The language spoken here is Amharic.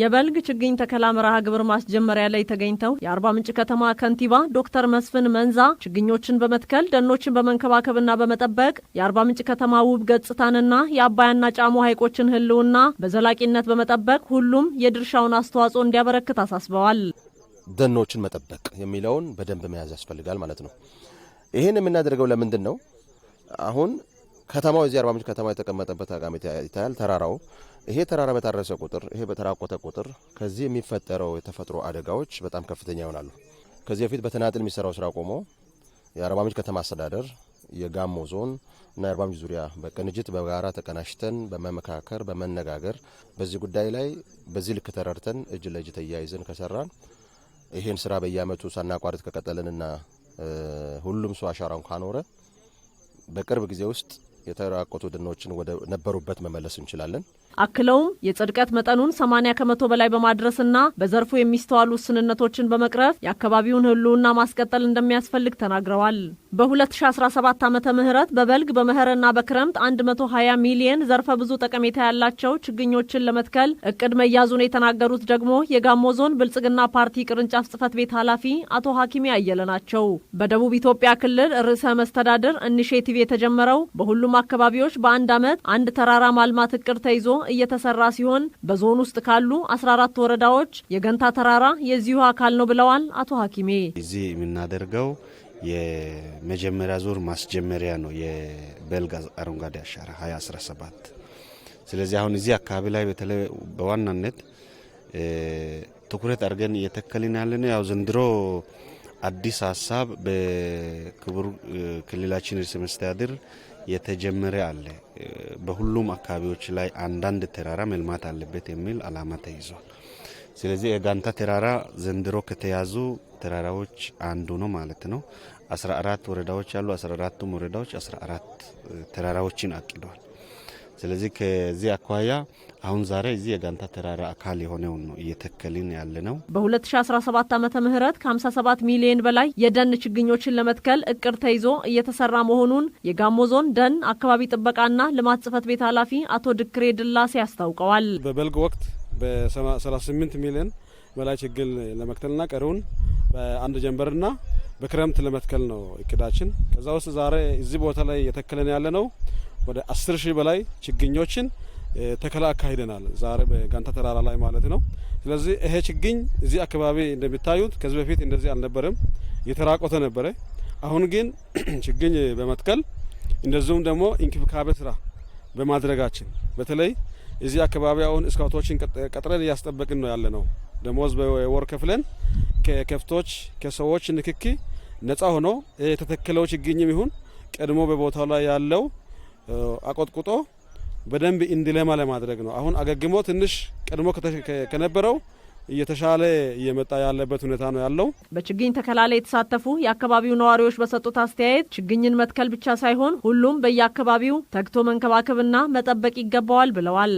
የበልግ ችግኝ ተከላ መርሃ ግብር ማስጀመሪያ ላይ ተገኝተው የአርባ ምንጭ ከተማ ከንቲባ ዶክተር መስፍን መንዛ ችግኞችን በመትከል ደኖችን በመንከባከብና በመጠበቅ የአርባ ምንጭ ከተማ ውብ ገጽታንና የአባያና ጫሞ ሐይቆችን ሕልውና በዘላቂነት በመጠበቅ ሁሉም የድርሻውን አስተዋጽኦ እንዲያበረክት አሳስበዋል። ደኖችን መጠበቅ የሚለውን በደንብ መያዝ ያስፈልጋል ማለት ነው። ይህን የምናደርገው ለምንድን ነው? አሁን ከተማው እዚህ አርባ ምንጭ ከተማ የተቀመጠበት አጋሚ ይታያል። ተራራው ይሄ ተራራ በታረሰ ቁጥር ይሄ በተራቆተ ቁጥር ከዚህ የሚፈጠረው የተፈጥሮ አደጋዎች በጣም ከፍተኛ ይሆናሉ። ከዚህ በፊት በተናጥል የሚሰራው ስራ ቆሞ የአርባ ምንጭ ከተማ አስተዳደር የጋሞ ዞን እና የአርባ ምንጭ ዙሪያ በቅንጅት በጋራ ተቀናሽተን በመመካከር በመነጋገር በዚህ ጉዳይ ላይ በዚህ ልክ ተረድተን እጅ ለእጅ ተያይዘን ከሰራን ይሄን ስራ በየአመቱ ሳናቋርጥ ከቀጠልንና ሁሉም ሰው አሻራውን ካኖረ በቅርብ ጊዜ ውስጥ የተራቆቱ ደኖችን ወደ ነበሩበት መመለስ እንችላለን። አክለውም የጽድቀት መጠኑን 80 ከመቶ በላይ በማድረስና በዘርፉ የሚስተዋሉ ውስንነቶችን በመቅረፍ የአካባቢውን ህልውና ማስቀጠል እንደሚያስፈልግ ተናግረዋል። በ2017 ዓመተ ምህረት በበልግ በመኸርና በክረምት 120 ሚሊየን ዘርፈ ብዙ ጠቀሜታ ያላቸው ችግኞችን ለመትከል እቅድ መያዙን የተናገሩት ደግሞ የጋሞ ዞን ብልጽግና ፓርቲ ቅርንጫፍ ጽህፈት ቤት ኃላፊ አቶ ሀኪሜ አየለ ናቸው። በደቡብ ኢትዮጵያ ክልል ርዕሰ መስተዳድር ኢኒሼቲቭ የተጀመረው በሁሉም አካባቢዎች በአንድ ዓመት አንድ ተራራ ማልማት እቅድ ተይዞ እየተሰራ ሲሆን በዞን ውስጥ ካሉ 14 ወረዳዎች የገንታ ተራራ የዚሁ አካል ነው ብለዋል አቶ ሀኪሜ እዚህ የምናደርገው የመጀመሪያ ዙር ማስጀመሪያ ነው የበልግ አረንጓዴ አሻራ 2017 ስለዚህ አሁን እዚህ አካባቢ ላይ በተለይ በዋናነት ትኩረት አድርገን እየተከልን ነው። ያው ዘንድሮ አዲስ ሀሳብ በክቡር ክልላችን ርዕሰ መስተዳድር የተጀመረ አለ በሁሉም አካባቢዎች ላይ አንዳንድ ተራራ መልማት አለበት የሚል አላማ ተይዟል። ስለዚህ የጋንታ ተራራ ዘንድሮ ከተያዙ ተራራዎች አንዱ ነው ማለት ነው። 14 ወረዳዎች አሉ 14ቱም ወረዳዎች 14 ተራራዎችን አቅደዋል። ስለዚህ ከዚህ አኳያ አሁን ዛሬ እዚህ የጋንታ ተራራ አካል የሆነውን ነው እየተከልን ያለ ነው። በ2017 ዓመተ ምህረት ከ57 ሚሊዮን በላይ የደን ችግኞችን ለመትከል እቅድ ተይዞ እየተሰራ መሆኑን የጋሞ ዞን ደን አካባቢ ጥበቃና ልማት ጽህፈት ቤት ኃላፊ አቶ ድክሬ ድላሴ አስታውቀዋል። በበልግ ወቅት በ38 ሚሊዮን በላይ ችግኝ ለመክተልና ቀሪውን በአንድ ጀንበርና በክረምት ለመትከል ነው እቅዳችን። ከዛ ውስጥ ዛሬ እዚህ ቦታ ላይ እየተከለን ያለ ነው ወደ አስር ሺህ በላይ ችግኞችን ተከላ አካሂደናል። ዛሬ በጋንታ ተራራ ላይ ማለት ነው። ስለዚህ ይሄ ችግኝ እዚህ አካባቢ እንደሚታዩት ከዚህ በፊት እንደዚህ አልነበረም፣ የተራቆተ ነበረ። አሁን ግን ችግኝ በመትከል እንደዚሁም ደግሞ እንክብካቤ ስራ በማድረጋችን በተለይ እዚህ አካባቢ አሁን ስካውቶችን ቀጥረን እያስጠበቅን ነው ያለ ነው። ደሞዝ በወር ከፍለን ከከብቶች ከሰዎች ንክኪ ነጻ ሆኖ የተተከለው ችግኝም ይሁን ቀድሞ በቦታው ላይ ያለው አቆጥቁጦ በደንብ እንዲለማ ለማድረግ ነው። አሁን አገግሞ ትንሽ ቀድሞ ከነበረው እየተሻለ እየመጣ ያለበት ሁኔታ ነው ያለው። በችግኝ ተከላ ላይ የተሳተፉ የአካባቢው ነዋሪዎች በሰጡት አስተያየት ችግኝን መትከል ብቻ ሳይሆን ሁሉም በየአካባቢው ተግቶ መንከባከብና መጠበቅ ይገባዋል ብለዋል።